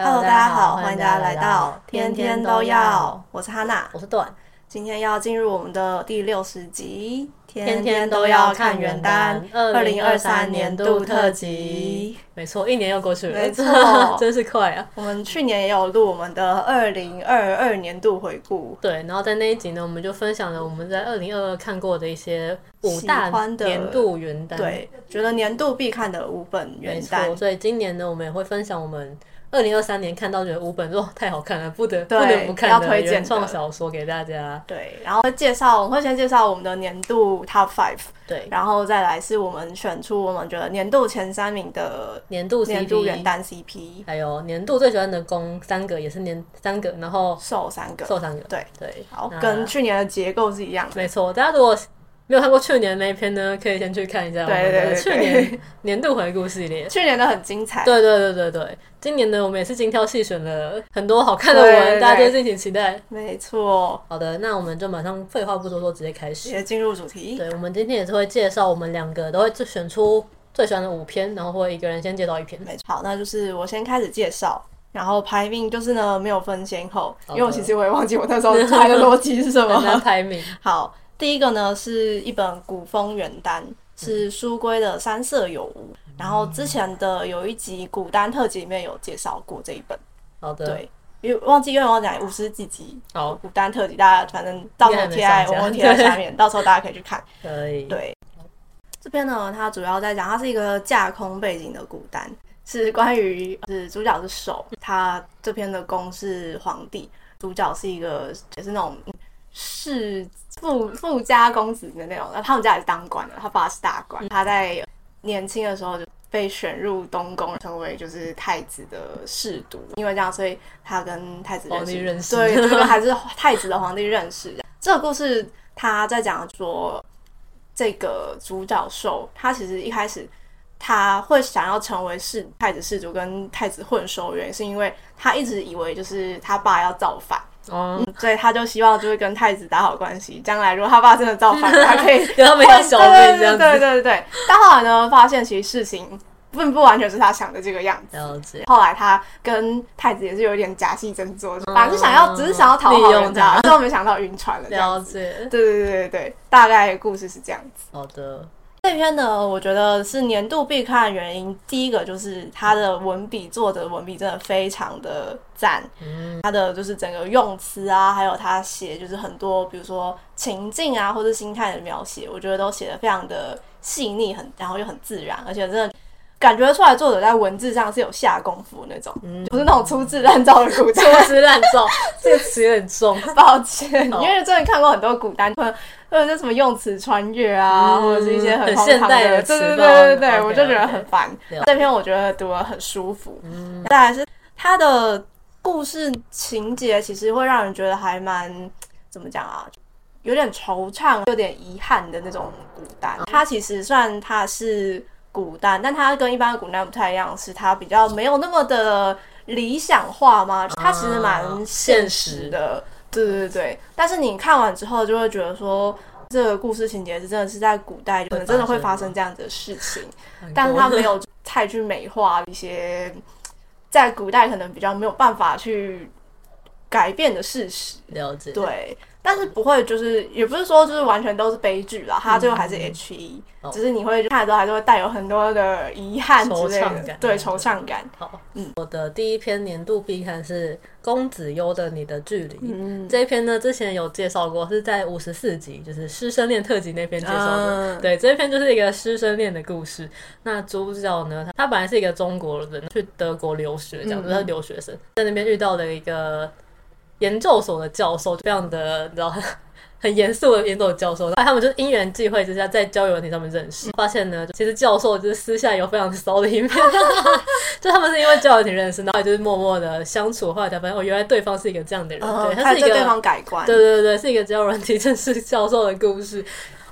Hello，大家好，歡迎大家來到天天,天天都要。我是哈娜，我是段。今天要進入我們的第六十集，天天都要看原耽二零二三年度特輯。沒錯，一年又過去了，沒錯， 真是快啊！我們去年也有錄我們的二零二二年度回顧。對，然後在那一集呢，我們就分享了我們在二零二二看過的一些五大年度原耽，對，覺得年度必看的五本原耽。沒錯，所以今年呢，我們也會分享我們。二零二三年看到覺得五本哇太好看了，不得不得不看要推薦原創小說給大家。對，然後會介紹，我會先介紹我們的年度 Top Five，對，然後再來是我們選出我們覺得年度前三名的年度原耽、年度原耽 CP，還有年度最喜歡的攻三個也是年三個，然後受三個受三個，對對，好，跟去年的結構是一樣的，沒錯，大家如果沒有看過去年那一篇，呢，可以先去看一下我們的，對對去年年度回顧系列。對對對對對對對 去年都很精彩，對對對對對。今年呢，我們也是精挑細選了很多好看的文，對對對對，大家敬請期待對對對。沒錯，好的，那我們就馬上廢話不多說，說直接開始，直接進入主題。對，我們今天也是會介紹我們兩個都會自選出最喜歡的五篇，然後會一個人先介紹一篇。沒錯好，那就是我先開始介紹，然後排名就是呢沒有分先後，因為我其實我也忘記我那時候排的邏輯是什麼？ 排名好。第一個呢是一本古風原耽，是書歸的山色有無、嗯。然後之前的有一集古耽特輯裡面有介紹過這一本，好的，對，因為忘記，因為忘講，五十幾集古耽特輯、哦，大家反正到時候貼在我們貼在下面，到時候大家可以去看。可以，對。這篇呢，它主要在講，它是一個架空背景的古耽，是關於是主角是受，他這篇的攻是皇帝，主角是一個也是那種。是富富家公子的那種，他他們家也是當官的，他爸是大官。嗯、他在年輕的時候就被選入東宮，成為就是太子的侍讀。因為這樣，所以他跟太子皇帝認識，對，這、那個還是太子的皇帝認識。 這個故事他在講說，這個主角受，他其實一開始他會想要成為是太子侍讀跟太子混熟的原因是因為他一直以為就是他爸要造反。哦、oh. 嗯，所以他就希望就是跟太子打好關係，將來如果他爸真的造反了，他可以活命 這樣子。對，對對對對，但後來呢，發現其實事情並不，不完全是他想的這個樣子。後來他跟太子也是有一點假戲真做，反、嗯、正想要只是想要討好人家，最後沒想到暈船了這樣子。對對對對，大概故事是這樣子。好的。這篇呢，我覺得是年度必看的原因。第一個就是他的文筆，作者文筆真的非常的讚。他的就是整個用詞啊，還有他寫就是很多，比如說情境啊或者心態的描寫，我覺得都寫得非常的細膩，很，然後又很自然，而且真的。感覺出來，作者在文字上是有下功夫的那種、嗯，不是那種粗製濫造的古。古粗製濫造這個詞有點重，抱歉。哦、因為真的看過很多古耽，呃，或者是什麼用詞穿越啊，或者是，、啊嗯、或是一些很，很現代的，詞對對對，對，對、嗯、我就覺得很煩。嗯、okay, okay, 這篇我覺得讀了很舒服。嗯，再是他的故事情節，其實會讓人覺得還蠻怎麼講啊，有點惆悵，有點遺憾的那種古耽。他、嗯、其實算他是。古代，但它跟一般的古代不太一樣，是它比較沒有那麼的理想化嘛？它其實蠻現實的，啊現實，對對對。但是你看完之後，就會覺得說，這個故事情節是真的是在古代，可能真的會發生這樣子的事情，但是它沒有太去美化一些在古代可能比較沒有辦法去改變的事實，了解對，但是不會就是、嗯、也不是說就是完全都是悲劇啦，他、嗯、最後還是 H E，、嗯、只是你會看的時候還是會帶有很多的遺憾的、惆悵感，對惆悵感，感。好、嗯，我的第一篇年度必看是公子優的《你的距離》。嗯，這一篇呢，之前有介紹過，是在五十四集，就是師生戀特輯那篇介紹的、嗯。對，這一篇就是一個師生戀的故事。那主角呢，他他本來是一個中國人，去德國留學，講的是留學生、嗯、在那邊遇到了一個。研究所的教授，就非常的，你知道很很嚴肅的研究教授，然後他們就是因緣際會之下在交友軟體上面認識，嗯、發現呢，其實教授就是私下有非常騷的、的一面，嗯、 就他們是因為交友軟體認識，然後就是默默的相處的話，後來才發現哦，原來對方是一個這樣的人，嗯、對，他是一個對方改觀，對對對，是一個交友軟體正是教授的故事，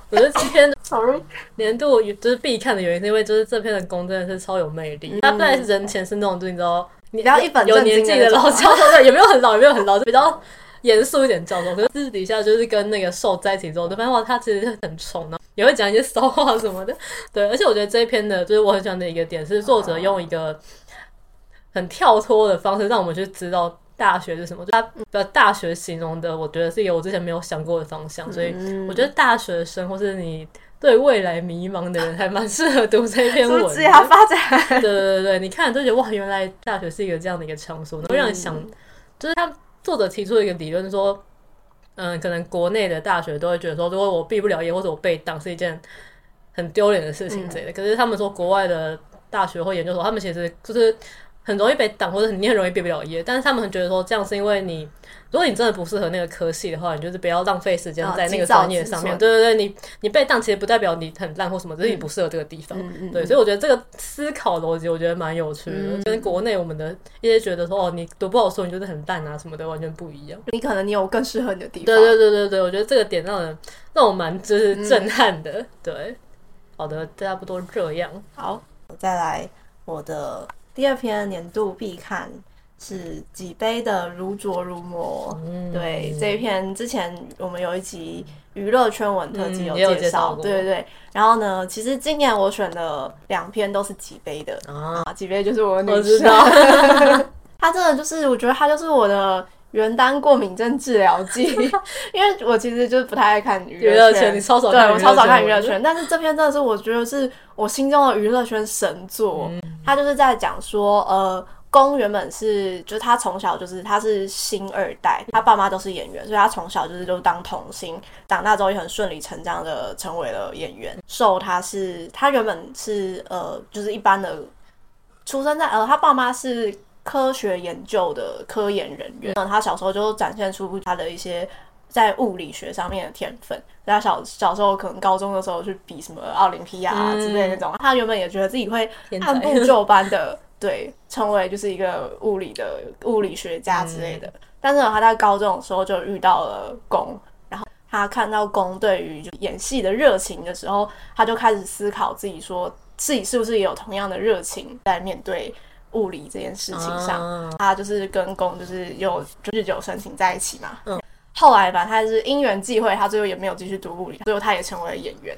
我覺得這篇，sorry，年度就是必看的原因是，因為就是這篇的攻真的是超有魅力，他、嗯、在人前是那種，你知道。你不要一本正經的老教授，有，有年紀的老教授 對，沒有很老，有沒有很老，就比較嚴肅一點教授。可是私底下就是跟那個受在一起之後，發現哇他其實很寵呢。也會講一些騷話什麼的。對，而且我覺得這一篇的就是我很喜歡的一個點是，作者用一個很跳脫的方式讓我們去知道大學是什麼。就他把大學形容的，我覺得是一個我之前沒有想過的方向。所以我覺得大學生或是你。嗯對未來迷茫的人，還蠻適合讀這篇文。對對對，你看就覺得哇，原來大學是一個這樣的一個場所，會讓你想，就是他作者提出一個理論說，嗯，可能國內的大學都會覺得說，如果我畢不了業或者我被當，是一件很丟臉的事情之類。可是他們說，國外的大學或研究所，他們其實就是。很容易被當，或者你很容易畢不了業。但是他們很覺得說，這樣是因為你，如果你真的不適合那個科系的話，你就是不要浪費時間在那個專業上面。對對對，你你被當，其實不代表你很爛或什麼、嗯，只是你不適合這個地方、嗯嗯。對，所以我覺得這個思考邏輯，我覺得蠻有趣的，跟、嗯就是、國內我們的一些覺得說哦，你讀不好書，你就是很爛啊什麼的，完全不一樣。你可能你有更適合你的地方。對對對對對，我覺得這個點讓人讓我蠻就是震撼的。嗯、對，好的，差不多這樣。好，我再來我的。第二篇年度必看是幾杯的如如《如琢如磨》，對，這一篇之前我們有一集娛樂圈文特輯有介紹、嗯，對對對。然後呢，其實今年我選的兩篇都是幾杯的啊，啊，幾杯就是我，我知道， 他真的就是，我覺得他就是我的原耽過敏症治療劑， 因為我其實就是不太愛看娛樂圈，圈，你超少，對我超少看娛樂圈， 但是這篇真的是我覺得是。我心中的娛樂圈神作，他就是在講說，呃，攻原本是，就是他從小就是他是星二代，他爸媽都是演員，所以他從小就是就當童星，長大之後也很順理成章的成為了演員。受、so, 他是，他原本是呃，就是一般的，出生在呃，他爸媽是科學研究的科研人員，那他小時候就展現出他的一些。在物理學上面的天分，他小小時候可能高中的時候去比什麼奧林匹亞啊之類的那種，嗯，他原本也覺得自己會按部就班的對成為就是一個物理的物理學家之類的。嗯，但是呢，他在高中的時候就遇到了攻，然後他看到攻對於演戲的熱情的時候，他就開始思考自己說自己是不是也有同樣的熱情在面對物理這件事情上。嗯，他就是跟攻就是有就日久生情在一起嘛。嗯後來吧，他是因緣際會，他最後也沒有繼續讀物理，最後他也成為了演員。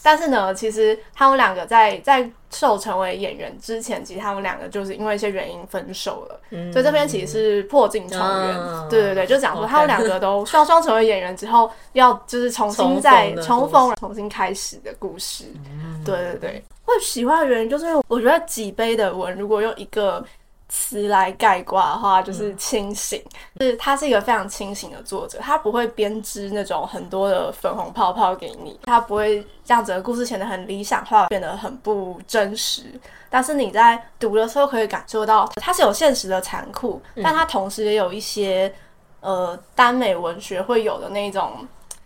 但是呢，其實他們兩個在在受成為演員之前，其實他們兩個就是因為一些原因分手了。嗯、所以這邊其實是破鏡重圓，嗯，對對對，就講說他們兩個都雙雙成為演員之後，嗯嗯，要就是重新再重逢，重新開始的故事。嗯、對對對，會喜歡的原因就是因為我覺得幾杯的文，如果用一個。詞來概括的話，就是清醒，嗯、是他是一個非常清醒的作者，他不會編織那種很多的粉紅泡泡給你，他不會讓整個故事顯得很理想化，變得很不真實。但是你在讀的時候可以感受到它，它是有現實的殘酷，但它同時也有一些呃耽美文學會有的那種。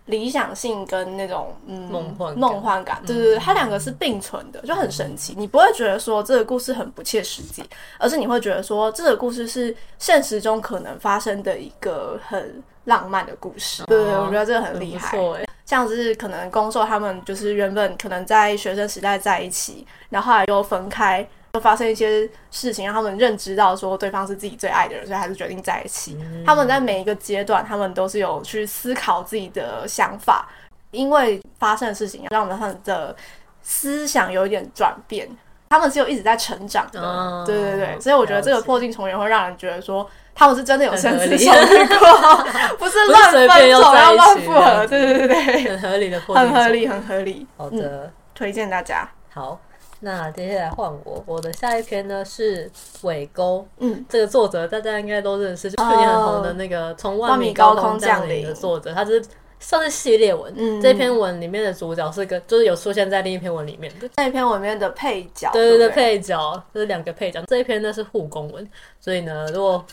理想性跟那種，嗯夢幻感，對對對，嗯就是、它兩個是並存的，就很神奇、嗯。你不會覺得說這個故事很不切實際，而是你會覺得說這個故事是現實中可能發生的一個很浪漫的故事。哦、對，對，對，我覺得這個很厲害。像是可能攻受他們就是原本可能在學生時代在一起，然後，後來又分開。發生一些事情，讓他們認知到說對方是自己最愛的人，所以還是決定在一起。嗯、他們在每一個階段，他們都是有去思考自己的想法，因為發生的事情讓他們的思想有一點轉變。他們只有一直在成長的。的、哦，對對對，所以我覺得這個破鏡重圓會讓人覺得說他們是真的有生死相依過 不是亂分手要亂復合。對對對對，很合理的破鏡重圓，很合理，很合理。好的，嗯、推薦大家。好。那接下來換我，我的下一篇呢是尾鈎，嗯，這個作者大家應該都認識，是、嗯、近很紅的那個從萬米高空降臨的作者，他、就是算是系列文，嗯，這篇文裡面的主角是個，就是有出現在另一篇文裡面，嗯、那一篇文裡面的配角，對對對，配角，這、就是兩個配角，這一篇呢是互攻文，所以呢，如果。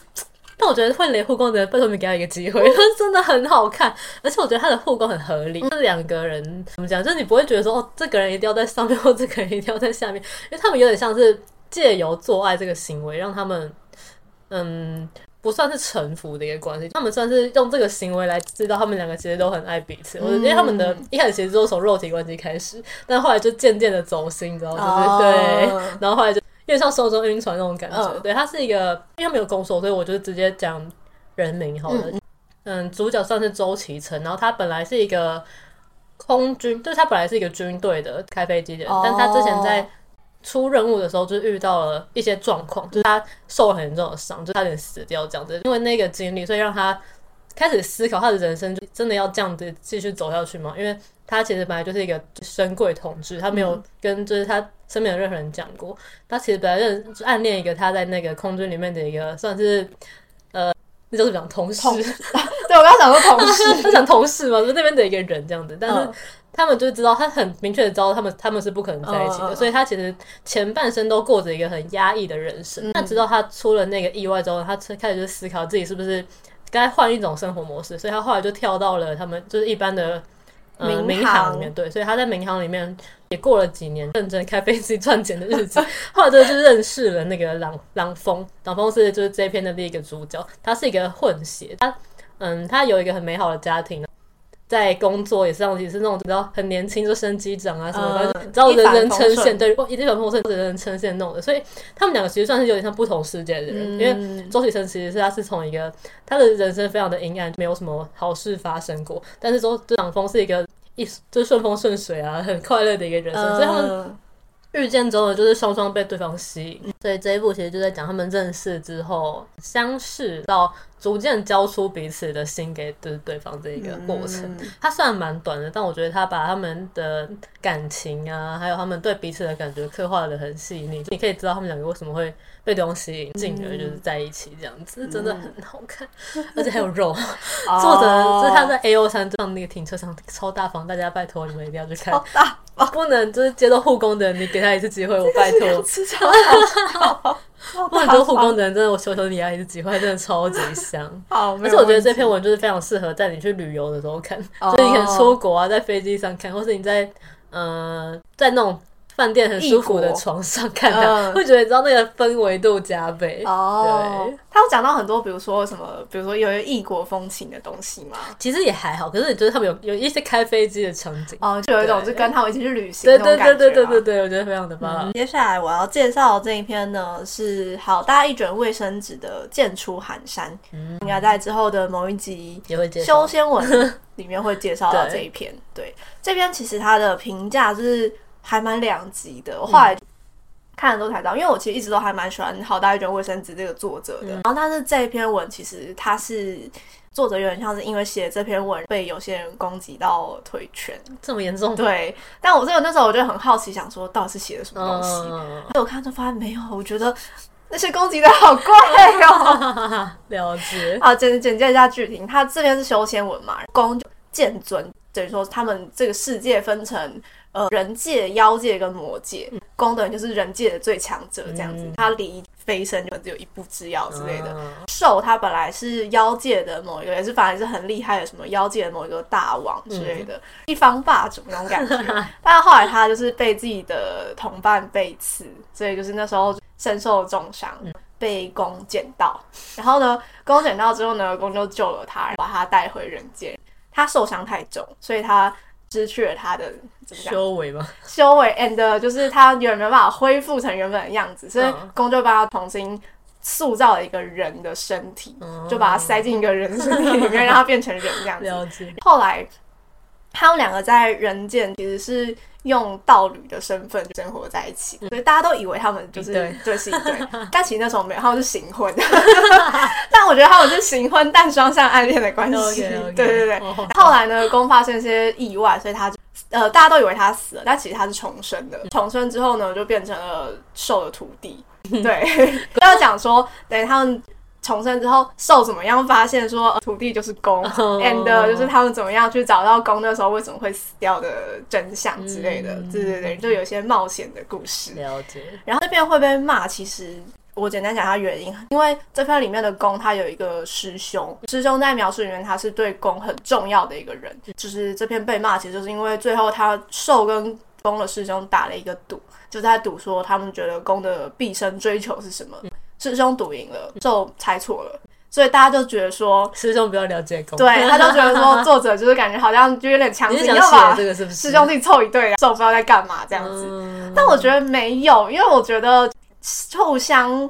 但我覺得會雷互攻的，背後面給他一個機會，他真的很好看，而且我覺得他的互攻很合理。這、嗯、兩個人怎麼講？就是你不會覺得說，哦，這個人一定要在上面，或者這個人一定要在下面，因為他們有點像是借由做愛這個行為，讓他們嗯，不算是臣服的一個關係。他們算是用這個行為來知道他們兩個其實都很愛彼此。嗯、我覺得因為他們的一開始其實都是從肉體關係開始，但後來就漸漸的走心，你知道嗎、哦？對，然後後來就。因為像收收暈船那種感覺、嗯，對，他是一個，因為他沒有攻受，所以我就直接講人名好了嗯。嗯，主角算是周啟程，然後他本來是一個空軍，就是他本來是一個軍隊的開飛機的人，哦，但他之前在出任務的時候就是遇到了一些狀況，就是他受了很嚴重的傷，就差點死掉這樣子，因為那個經歷，所以讓他。開始思考，他的人生就真的要這樣子繼續走下去嗎？因為他其實本來就是一個深櫃同志，他沒有跟就是他身邊的任何人講過、嗯。他其實本來就是暗戀一個他在那個空軍裡面的一個算是呃，那就是講同事。同事 對我剛想說同事， 想同事嘛，就那邊的一個人這樣子。但是他們就知道，他很明確的知道，他們他們是不可能在一起的。哦、所以他其實前半生都過着一個很壓抑的人生。他、嗯、知道他出了那個意外之後，他開始就思考自己是不是。該換一種生活模式，所以他後來就跳到了他們就是一般的，嗯，民民航裡面。對，所以他在民航裡面也過了幾年認真開飛機賺錢的日子。 後來就是認識了那個朗朗峰，朗峰是就是這篇的第一個主角，他是一個混血，他嗯，他有一個很美好的家庭。在工作也是這樣，也是那種比較很年輕就升機長啊什麼的，然、嗯、後人人稱羨，對，果一帆風順，人人稱羨那種的。所以他們兩個其實算是有點像不同世界的人，嗯、因為周啟生其實是他是從一個他的人生非常的陰暗，沒有什麼好事發生過，但是周周長風是一個一就順風順水啊，很快樂的一個人生，嗯、所以他們遇見之後就是雙雙被對方吸引。所以這一部其實就在講他們認識之後相識到。逐漸交出彼此的心給對對方這一個過程，嗯、他雖然蠻短的，但我覺得他把他們的感情啊，還有他們對彼此的感覺刻畫得很細膩。你可以知道他們兩個為什麼會被對方吸引，進而就是在一起這樣子，真的很好看，嗯、而且還有肉。作、嗯、者、哦就是他在 A O 3上那個停車場超大方，大家拜托你們一定要去看，大不能就是接到護工的人，你給他一次機會，我拜托。 哇，很多護工的人、哦、真的，我求求你啊，一次機會真的超級香。 而且我覺得這篇文就是非常適合帶你去旅遊的時候看，哦、 就是你很出國啊，在飛機上看，或是你在嗯、呃，在那種。飯店很舒服的床上看，到、嗯，會覺得你知道那個氛圍度加倍哦，對。他有講到很多，比如說什麼，比如說有些異國風情的東西嘛。其實也還好，可是你覺得他們有有一些開飛機的場景哦，就有一種是跟他們一起去旅行的感覺。對，對對對對對對，我覺得非常的棒。嗯、接下來我要介紹這一篇呢，是好大一卷衛生紙的劍出寒山，嗯、應該在之後的某一集修仙文裡面會介紹到這一篇。 對，對，這篇其實它的評價就是。還蠻兩極的，我後來看的都才知道，因為我其實一直都還蠻喜歡《好大一卷衛生紙》這個作者的。嗯、然後但是這一篇文，其實他是作者有點像是因為寫這篇文被有些人攻擊到退圈這麼嚴重？對。但我真的那時候我就很好奇，想說到底是寫了什麼東西。Uh... 但我看之後發現沒有，我覺得那些攻擊的好怪哦、喔。 了解啊，簡簡介一下劇情，他這邊是修仙文嘛，攻就劍尊等於說他們這個世界分成。呃，人界、妖界跟魔界，攻、嗯、等人就是人界的最強者，這樣子。嗯、他離飛升就只有一步之遙之類的。受、啊、他本來是妖界的某一個，也是反正是很厲害的，什麼妖界的某一個大王之類的，嗯、一方霸主那種感覺。嗯、但是後來他就是被自己的同伴背刺，所以就是那時候身受重傷、嗯，被攻撿到。然後呢，攻撿到之後呢，攻就救了他，把他帶回人間。他受傷太重，所以他。失去了他的怎麼修為嗎？修為，and 就是他有沒有辦法恢復成原本的樣子？ 所以公就幫他重新塑造了一個人的身體， 就把他塞進一個人的身體裡面， 讓他變成人這樣子。了解。後來。他們兩個在人間其實是用道侶的身份生活在一起，嗯、所以大家都以為他們就是對就是一對， 但其實那時候沒有，他們是形婚。 但我覺得他們是形婚， 但雙向暗戀的關係。Okay, okay. 對對對。哦、後來呢、哦，公發生一些意外，所以他就呃，大家都以為他死了，但其實他是重生的。嗯、重生之後呢，就變成了受的徒弟。對，要 講說等於他們。重生之後，受怎麼樣發現說、嗯、徒弟就是公、oh.，and 就是他們怎麼樣去找到公的時候為什麼會死掉的真相之類的，mm -hmm. 對對對，就有些冒險的故事。了解。然後這篇會被罵，其實我簡單講下原因，因為這篇裡面的公他有一個師兄，師兄在描述裡面他是對公很重要的一個人，就是這篇被罵其實就是因為最後他受跟公的師兄打了一個賭，就在賭說他們覺得公的畢生追求是什麼。師兄賭贏了，受猜錯了，所以大家就覺得說師兄比較了解攻。對，他就覺得說作者就是感覺好像就有點強行要把這個是不是師兄弟湊一對，受不知道在幹嘛這樣子、嗯。但我覺得沒有，因為我覺得互相。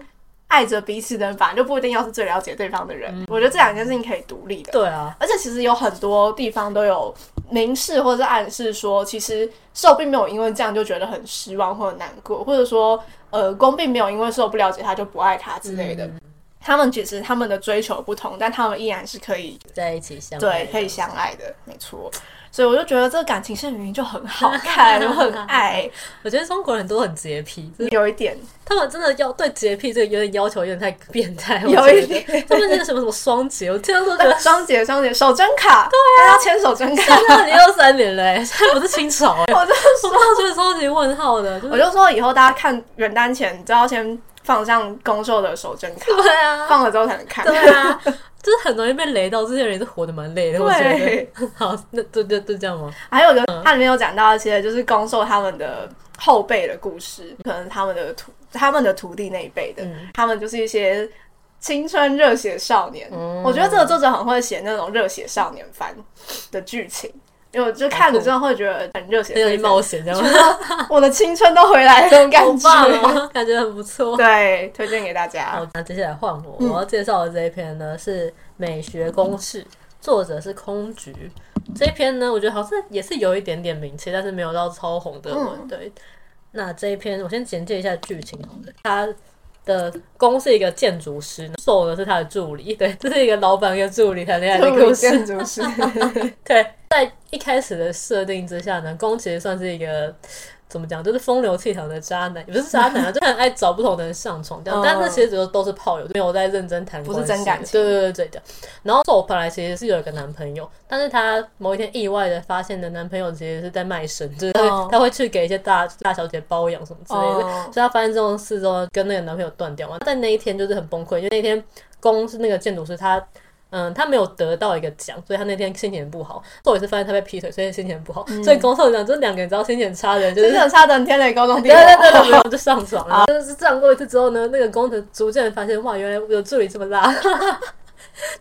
愛着彼此的人，反而就不一定要是最了解對方的人。嗯、我覺得這兩件事情可以獨立的。對啊，而且其實有很多地方都有明示或者是暗示，說其實受並沒有因為這樣就覺得很失望或很難過，或者說，呃，攻並沒有因為受不了解他就不愛他之類的。嗯他們其實，他們的追求不同，但他們依然是可以在一起相愛的，對，可以相愛的，沒錯。所以我就覺得這個感情線明明就很好看，我 很愛。 我覺得中國人都很潔癖，有一點，他們真的要對潔癖這個有點要求有點太變態。有一點， 他們那個什麼什麼雙潔，我聽到說這個雙潔，雙潔手真卡，對呀、啊，要牽手真卡。二零二三年嘞、欸 欸， 我是親手，我真的不知道這是超級問號的、就是。我就說以後大家看原耽前，你就要先。放上攻受的手睜開，對啊，放了之後才能看。對啊， 就是很容易被雷到。這些人也是活得蠻累的，對。好，那這這這樣嗎？還有一個，它裡面有講到一些，就是攻受他們的後輩的故事、嗯，可能他們的徒、他們的徒弟那一輩的、嗯，他們就是一些青春熱血少年、嗯。我覺得這個作者很會寫那種熱血少年番的劇情。因為我就看，我真的會覺得很熱血，很冒險，真的，我的青春都回來這種感覺， 棒喔、 感覺很不錯。對，推薦給大家。好，那接下來換我、嗯，我要介紹的這一篇呢是《美學公式》，嗯，作者是空菊。這一篇呢，我覺得好像也是有一點點名氣，但是沒有到超紅的、嗯。對，那這一篇我先簡介一下劇情。它的攻是一個建築師，受的是他的助理。對，這是一個老闆跟助理談戀愛的故事。建築師， 對，在一開始的設定之下呢，攻其實算是一個。怎麼講？就是風流倜儻的渣男，也不是渣男啊，就很愛找不同的人上床這樣。 但是其實都是炮友，就沒有在認真談過。不是真感情。對對對對，然後我本來其實是有一個男朋友，但是他某一天意外的發現，的男朋友其實是在賣身，就是他會去給一些大大小姐包養什麼之類的。 所以他發現這種事之後，跟那個男朋友斷掉嘛。在那一天就是很崩潰，因為那天攻是那個建築師，他。嗯，他沒有得到一個獎，所以他那天心情不好。受也是發現他被劈腿，所以心情不好。嗯、所以攻受講，這兩個人只要心情差的，就是心情差的，天雷高中畢業就上床了。就是這樣過一次之後呢，那個攻逐漸發現，哇，原來我的助理這麼大，哈哈，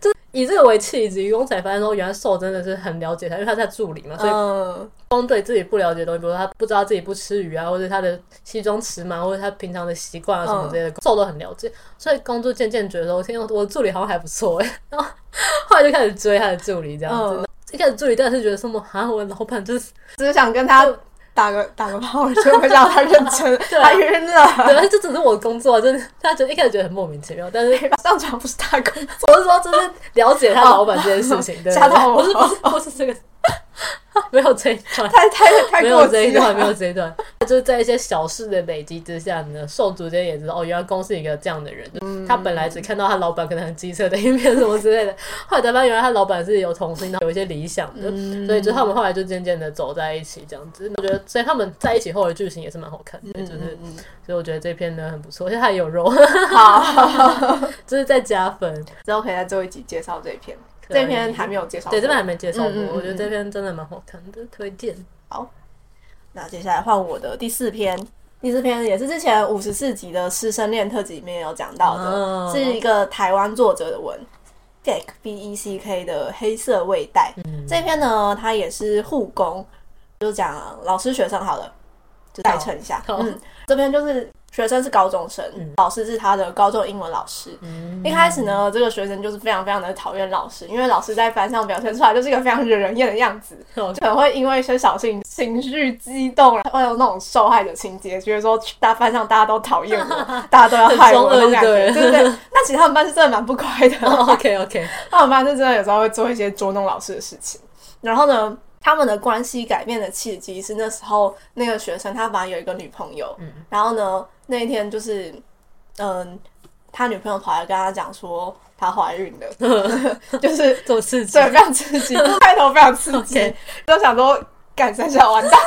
就是以這個為契機，攻才發現說，原來受真的是很了解他，因為他是在助理嘛，所以、嗯。光對自己不了解的東西，比如說他不知道自己不吃魚啊，或者他的西裝尺碼，或者他平常的習慣啊什麼之類的，這我都很了解。所以光就漸漸覺得我天，我的助理好像還不錯哎。”然後後來就開始追他的助理，這樣子。一開始助理當然是覺得什麼啊，我老板就是只是想跟他打個、呃、打個炮，所以沒讓他認真，他 暈了。對，這只是我的工作，真的。他覺得一開始覺得很莫名其妙，但是上床不是他工，我 是說，就是了解他老板這件事情。 啊啊啊、對，太，我是不是、啊、不是這個？沒有這一段，太太太沒有這一段，沒有這一段， 就是在一些小事的累積之下呢，受逐漸也知道哦，原來攻是一個這樣的人。嗯就是、他本來只看到他老闆可能很機車的一面什麼之類的，嗯、後來才發現原來他老闆是有童心的，有一些理想的、嗯，所以就他們後來就漸漸的走在一起，這樣子。子、嗯。我覺得所以他們在一起後的劇情也是蠻好看的，嗯、就是所以我覺得這篇呢很不錯，而且他還有肉，嗯、 就是再加分。之後可以在最後一集介紹這一篇。這篇還沒有介紹，對，這篇還沒介紹過嗯嗯嗯嗯。我覺得這篇真的蠻好看的，推薦。好，那接下來換我的第四篇，第四篇也是之前五十四集的師生戀特輯裡面有講到的、啊，是一個台灣作者的文，Beck、哦、B E C K 的黑色胃袋、嗯嗯。這篇呢，它也是互攻，就講老師學生好了，就代稱一下。嗯，這邊就是。學生是高中生、嗯，老師是他的高中英文老師、嗯。一開始呢，這個學生就是非常非常的討厭老師，因為老師在班上表現出來就是一個非常惹人厭的樣子，okay. 就可能會因為一些小事情情緒激動，會有那種受害者情節，覺得說大班上大家都討厭我， 大家都要害我那種感覺， 對不對？ 那其實他們班是真的蠻不乖的。Oh, OK OK，他們班是真的有時候會做一些捉弄老師的事情，然後呢？他們的關係改變的契機是那時候那個學生他反而有一個女朋友，嗯、然後呢那一天就是，嗯、呃，他女朋友跑來跟他講說他懷孕了，嗯、 就是做刺激對，非常刺激，開、嗯、頭非常刺激，都、嗯、想說幹三下完蛋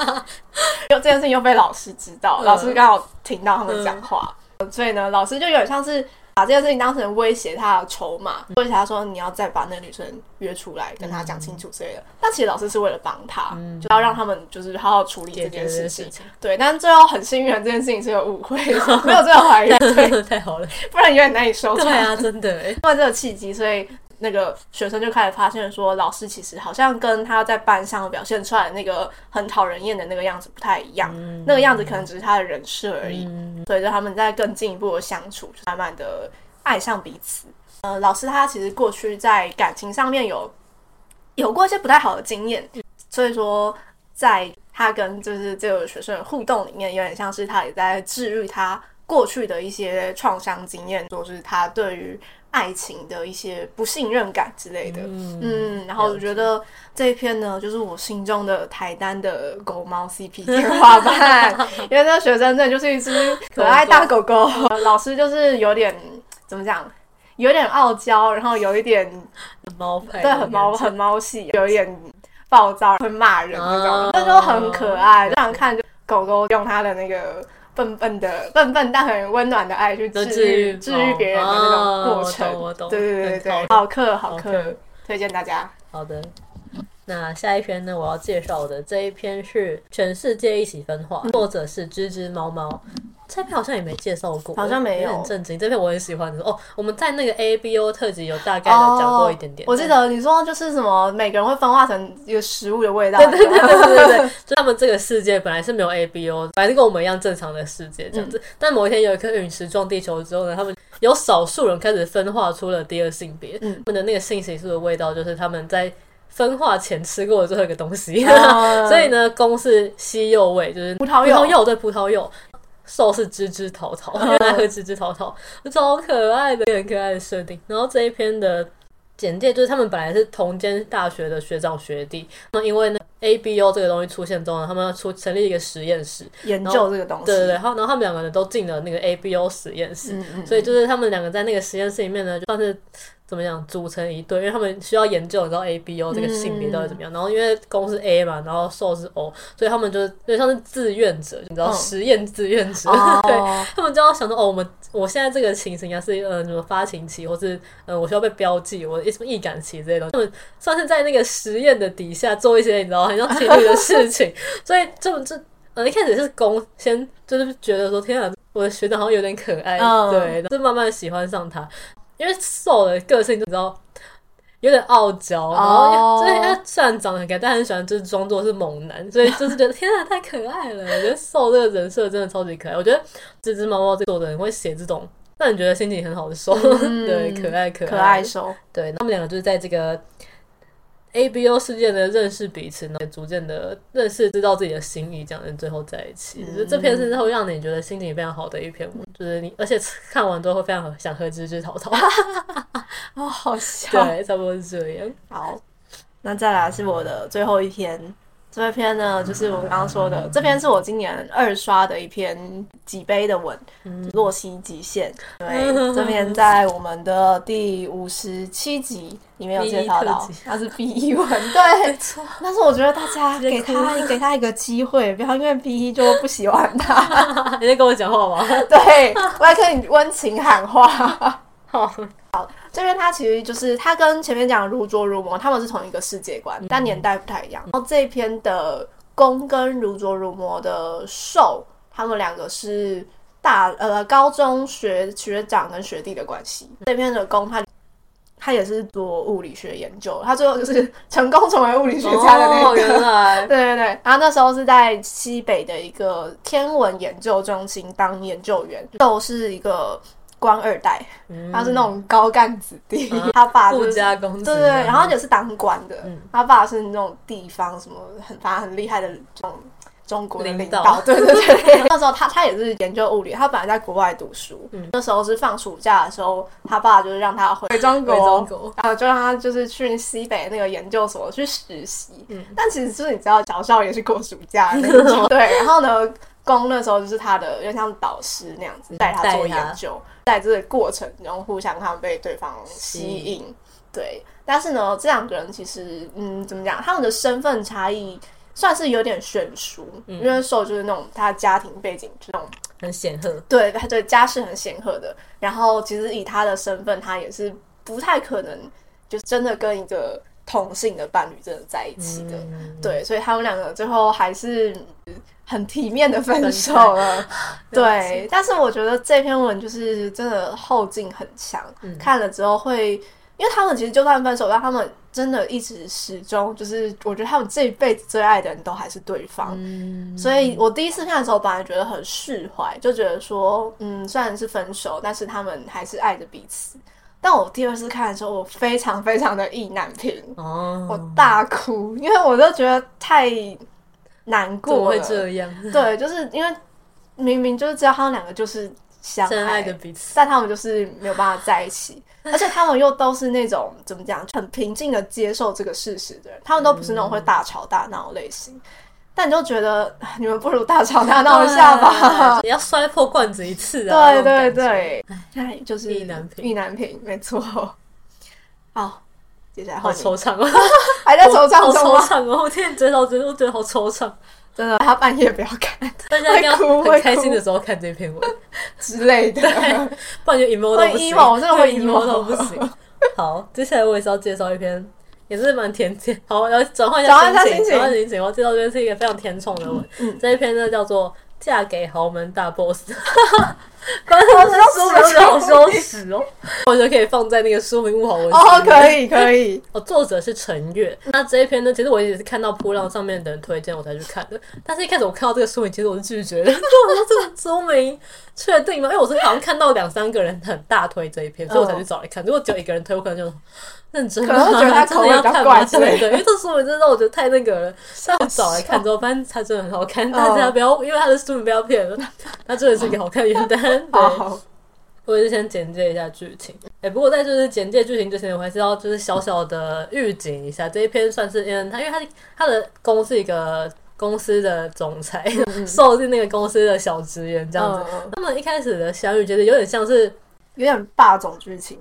了， 又這件事情又被老師知道，老師剛好聽到他們講話、嗯嗯，所以呢老師就有點像是。把這件事情當成威脅他的籌碼、嗯，威脅他說，你要再把那個女生約出來跟他講清楚之類的。但、嗯、其實老師是為了幫他、嗯，就要讓他們就是好好處理這件事情。對，對，但最後很幸運，這件事情是有誤會的，的，沒有真的懷疑呵呵對呵呵。對，太好了，不然永遠難以收場。對啊，真的、欸，因為這個契機，所以。那個學生就開始發現說，老師其實好像跟他在班上表現出來的那個很討人厭的那個樣子不太一樣，嗯，那個樣子可能只是他的人設而已，嗯。所以就他們在更進一步的相處，慢慢的愛上彼此。呃，老師他其實過去在感情上面有有過一些不太好的經驗，所以說在他跟就是這個學生的互動裡面，有點像是他也在治癒他過去的一些創傷經驗，就是他對於。愛情的一些不信任感之類的，嗯，嗯嗯，然後我覺得這一篇呢，就是我心中的台耽的狗貓 CP 天花板， 因為那個學生，真的就是一隻可愛大狗狗，狗狗老師就是有點怎麼講，有點傲嬌，然後有一點貓。對，很貓很貓系，有點暴躁會罵人那、啊、種，時候很可愛，這樣看就狗狗用它的那個。笨笨的、笨笨但很溫暖的愛，去治癒治癒別、哦、人的那種過程。對、哦、我懂、對對對對，對好課好課，好 okay. 推薦大家。好的，那下一篇呢？我要介紹的這一篇是《全世界一起分化》嗯，作者是芝芝貓貓。這篇好像也沒介紹過，好像沒有，很正經。這篇我很喜歡的哦。我們在那個 A B O 特輯有大概的講過一點點、哦。我記得你說就是什麼，每個人會分化成一個食物的味道。對對對對對,對， 就他們這個世界本來是沒有 A B O，反正跟我們一樣正常的世界這樣子。嗯、但某一天有一顆隕石撞地球之後呢，他們有少數人開始分化出了第二性別。嗯，他們的那個信息素的味道就是他們在分化前吃過的最後一個東西。嗯、 所以呢，公是西柚味，就是葡萄柚,葡萄柚，葡萄柚對葡萄柚。獸是芝芝貓貓，原、oh. 來會芝芝貓貓，超可愛的，很可愛的設定。然後這一篇的簡介就是他們本來是同間大學的學長學弟，那因為呢，ABO 這個東西出現之後呢，他們要出成立一個實驗室研究這個東西，對，對對，然後然後他們兩個人都進了那個 ABO 實驗室嗯嗯嗯，所以就是他們兩個在那個實驗室裡面呢，就算是。怎麼講組成一對？因為他們需要研究，你知道 A B O 這個性別到底怎麼樣、嗯。然後因為公是 A 嘛，然後受是 O，所以他們就是，所以像是志願者，你知道、嗯、實驗志願者，哦、對，他們就要想到哦，我們我現在這個情形應該是呃什麼發情期，或是呃我需要被標記，我什麼易感期之類的，他們算是在那個實驗的底下做一些你知道很像情侶的事情。 所以這這呃一開始是公先就是覺得說天啊，我的學長好像有點可愛，哦、對，就慢慢的喜歡上他。因為受的個性，就比較有點傲嬌，oh. 然後所以雖然長得很可愛，但很喜歡就是裝作是猛男，所以就是覺得天哪，太可愛了！ 我覺得受這個人設真的超級可愛。我覺得芝芝貓貓做的人會寫這種讓你覺得心情很好的時候，mm -hmm. 對，可愛可愛受，對他們兩個就是在這個。A B O 世界的認識彼此，呢逐漸的認識，知道自己的心意，這樣最後在一起。嗯、就這篇是最後讓你覺得心情非常好的一篇文，就是你而且看完後會非常想和芝芝、就是、貓貓。 哦，好笑，對，差不多是這樣。好，那再來是我的最後一篇。這篇呢，就是我們剛剛說的、嗯，這篇是我今年二刷的一篇幾杯的文，嗯、洛希極限。對、嗯，這篇在我們的第五十七集裡面有介紹到， 他是 BE 文，對，沒錯。但是我覺得大家給他 給他一個機會，不要因為 BE 就不喜歡他。 你在跟我講話嗎？對，我還可以溫情喊話。 好，好。這邊他其實就是他跟前面講的如琢如磨，他們是同一個世界觀，但年代不太一樣。然後這篇的攻跟如琢如磨的受，他們兩個是大呃高中學學長跟學弟的關係。這篇的攻他他也是做物理學研究，他最後就是成功成為物理學家的那個。人。哦，原來， 對對對，然後那時候是在西北的一個天文研究中心當研究員。就是一個。官二代，他是那種高幹子弟，嗯啊、他爸、就是，富家公對,對對，然後也是當官的、嗯，他爸是那種地方什麼很反正很厲害的這種中國的領導，對對對。 那時候他他也是研究物理，他本來在國外讀書、嗯，那時候是放暑假的時候，他爸就是讓他回,回,中回中國，然後就讓他就是去西北那個研究所去實習、嗯。但其實就是你知道，小少爺是過暑假的， 對，然後呢？攻那時候就是他的，就像導師那樣子，帶他做研究，在這個過程中互相看，被對方吸引，對。但是呢，這兩個人其實嗯，怎麼講？他們的身份差異算是有點懸殊、嗯，因為受就是那種他的家庭背景就那種很顯赫，對，他對，家世很顯赫的。然後其實以他的身份，他也是不太可能，就是真的跟一個。同性的伴侶真的在一起的，嗯、對，所以他們兩個最後還是很體面的分手了，嗯、對，對。但是我覺得這篇文就是真的後勁很強、嗯，看了之後會，因為他們其實就算分手，但他們真的一直始終就是，我覺得他們這一輩子最愛的人都還是對方。嗯、所以我第一次看的時候，本來覺得很釋懷，就覺得說，嗯，雖然是分手，但是他們還是愛着彼此。但我第二次看的時候，我非常非常的意難平，oh. 我大哭，因為我都覺得太難過了。過會這樣？對，就是因為明明就是知道他們兩個就是相愛，愛的彼此，但他們就是沒有辦法在一起， 而且他們又都是那種怎麼講，很平靜的接受這個事實的人，他們都不是那種會大吵大鬧類型。但你就覺得你們不如大吵大鬧一下吧，也要摔破罐子一次啊！對對對，現在就是意難平，意難平，沒錯。好、哦，接下來好惆悵哦，還在惆悵， 好惆悵哦！我天，真的，我真的覺得好惆悵，真的、啊。他半夜不要看，大家一定要開心的時候看這篇文 之類的， 不然就 emo 都 emo，我真的 emo 到 不行。好，接下來我也是要介紹一篇。也是蠻甜甜，好，要轉換一下心情，轉換心情。我知道這邊是一個非常甜寵的文嗯。嗯，這一篇呢叫做《嫁給豪門大 boss》嗯，官方是叫書名不好羞恥》哦。我覺得可以放在那個書名不好文，喔，哦，可以可以。哦，作者是承越，嗯。那這一篇呢，其實我也是看到噗浪上面的人推薦我才去看的。但是一開始我看到這個書名，其實我是拒絕的，我，嗯，說這個書名確定嗎？因為我是好像看到兩三個人很大推這一篇，哦，所以我才去找來看。如果只有一個人推，我可能就。認真他，他真的要看嗎？對對，對 因為這書名真的讓我覺得太那個了，太早來看着。反正他真的很好看，大家不要 因為他的書名 不要騙了，他真的是一個好看的原耽。好 對， 對 我也是先簡介一下劇情。哎、 欸，不過在就是簡介劇情之前，我還是要就是小小的預警一下，這一篇算是因為他因為他他的公是一個公司的總裁， 受是那個公司的小職員這樣子。那 麼、嗯嗯、一開始的相遇覺得有點像是有點霸總劇情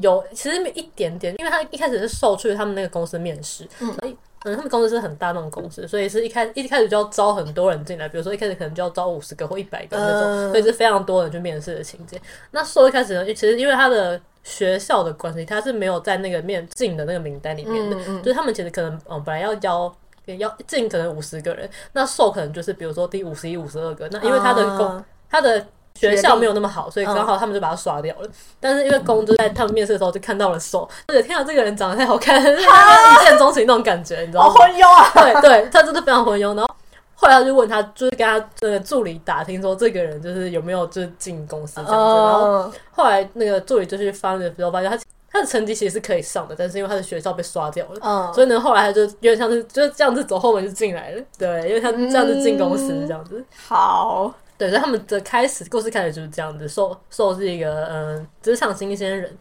有，其實一點點，因為他一開始是受去他們那個公司面試，嗯，嗯，他們公司是很大那種公司，所以是一開一開始就要招很多人進來，比如說一開始可能就要招五十個或一百個那種，嗯，所以是非常多人去面試的情節。那受一開始呢，其實因為他的學校的關係，他是沒有在那個面進的那個名單裡面的，嗯嗯，就是他們其實可能嗯、呃、本來要邀要進可能五十個人，那受可能就是比如說第五十一、五十二個，那因為他的工、嗯、他的。學校沒有那麼好，所以剛好他們就把他刷掉了。嗯、但是因為工資，在他們面試的時候就看到了手，而且天啊，這個人長得太好看， 一見鍾情那種感覺，你知道嗎？好昏庸啊！ 對對，他真的非常昏庸。然後後來他就問他，就是跟他這個助理打聽說這個人就是有沒有就進公司這樣子、嗯。然後後來那個助理就去翻的時候發現他他的成績其實是可以上的，但是因為他的學校被刷掉了，嗯、所以呢後來他就有點像是就是這樣子走後門就進來了。對，因為他這樣子進公司這樣子、嗯、好。對，所以他們的開始故事開始就是這樣子，受受是一個嗯、呃、職場新鮮人，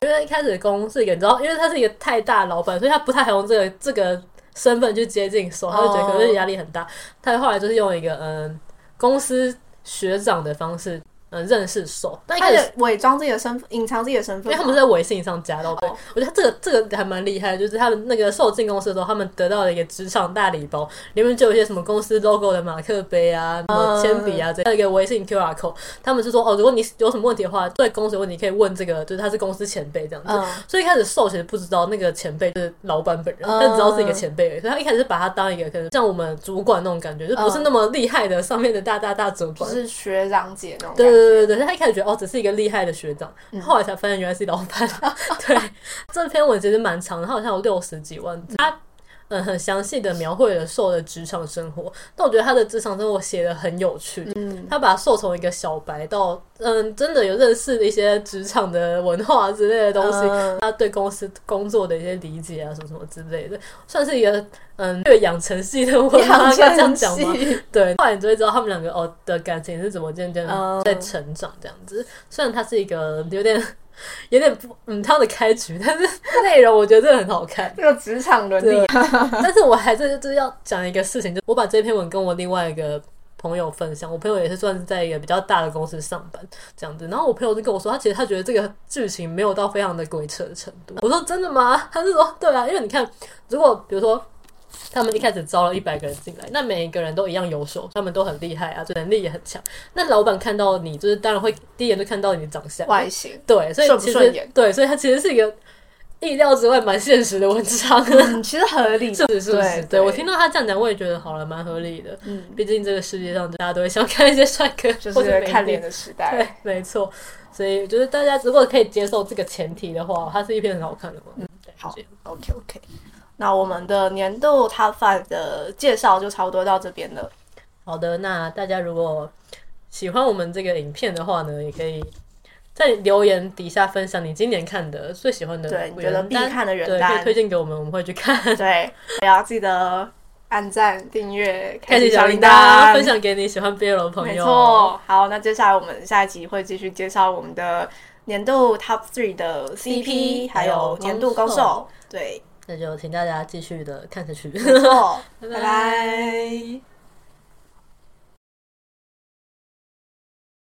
因為一開始攻是一個，你知道，因為他是一個太大老闆，所以他不太好用這個這個身份去接近受，oh. 他就覺得可能壓力很大。他後來就是用一個嗯、呃、公司學長的方式。嗯，認識受，但一開始偽裝自己的身份，隱藏自己的身份。因為他們是在微信上加到、oh. 對，我覺得這個這個還蠻厲害的，就是他們那個受進公司的時候，他們得到了一個職場大禮包，裡面就有一些什麼公司 logo 的馬克杯啊、什麼鉛筆啊，uh. 還有一個微信 QR code。他們是說哦，如果你有什麼問題的話，在公司的問題可以問這個，就是他是公司前輩這樣子。Uh. 所以一開始受其實不知道那個前輩是老板本人，但知道是一個前輩，所以他一開始是把他當一個可能像我們主管那種感覺，就不是那麼厲害的上面的大大大主管，就、uh. 是學長姐那種。對對，對對對，他一開始覺得哦，只是一個厲害的學長，嗯，後來才發現原來是一老闆。哦哦， 對，哦哦， 這篇文其實蠻長的，它好像有六十幾萬字。嗯嗯，很詳細的描繪了受的職場生活，但我覺得他的職場生活寫的很有趣。嗯，他把受從一個小白到，嗯，真的有認識的一些職場的文化之類的東西，嗯，他對公司工作的一些理解啊，什麼什麼之類的，算是一個嗯，有養成系的文。應該這樣講嗎？對，後來你就會知道他們兩個哦的感情是怎麼漸漸在成長這樣子，嗯。雖然他是一個有點。有點不，嗯，他的開局，但是內容我覺得真的很好看，這、那個職場倫理、啊。但是我還是就是要講一個事情，就我把這篇文跟我另外一個朋友分享，我朋友也是算是在一個比較大的公司上班這樣子，然後我朋友就跟我說，他其實他覺得這個劇情沒有到非常的鬼扯的程度。我說真的嗎？他就說對啊，因為你看，如果比如說。他們一開始招了一百個人進來，那每一個人都一樣優秀，他們都很厲害啊，這能力也很強。那老闆看到你，就是當然會第一眼就看到你的長相、外形，對，所以其實順不順眼，對。所以他其實是一個意料之外、蠻現實的文章。嗯，其實合理， 是，是不是？對，對，我聽到他這樣講，我也覺得好了，蠻合理的。嗯，畢竟這個世界上大家都會想看一些帥哥或者、就是、看臉的時代，沒錯。所以我覺得大家如果可以接受這個前提的話，他是一篇很好看的文。嗯，對好，OK，OK。那我們的年度 Top Five 的介紹就差不多到這邊了。好的，那大家如果喜歡我們這個影片的話呢，也可以在留言底下分享你今年看的最喜歡的對，你覺得必看的原耽對，可以推薦給我們，我們會去看。對， 也要記得按讚、訂閱、開啟小鈴鐺，分享給你喜歡 BL 的朋友。沒錯。好，那接下來，我們下一集會繼續介紹我們的年度 Top Three 的 CP，有還有年度高壽。對。那就請大家繼續的看下去，哦，拜 拜。Bye bye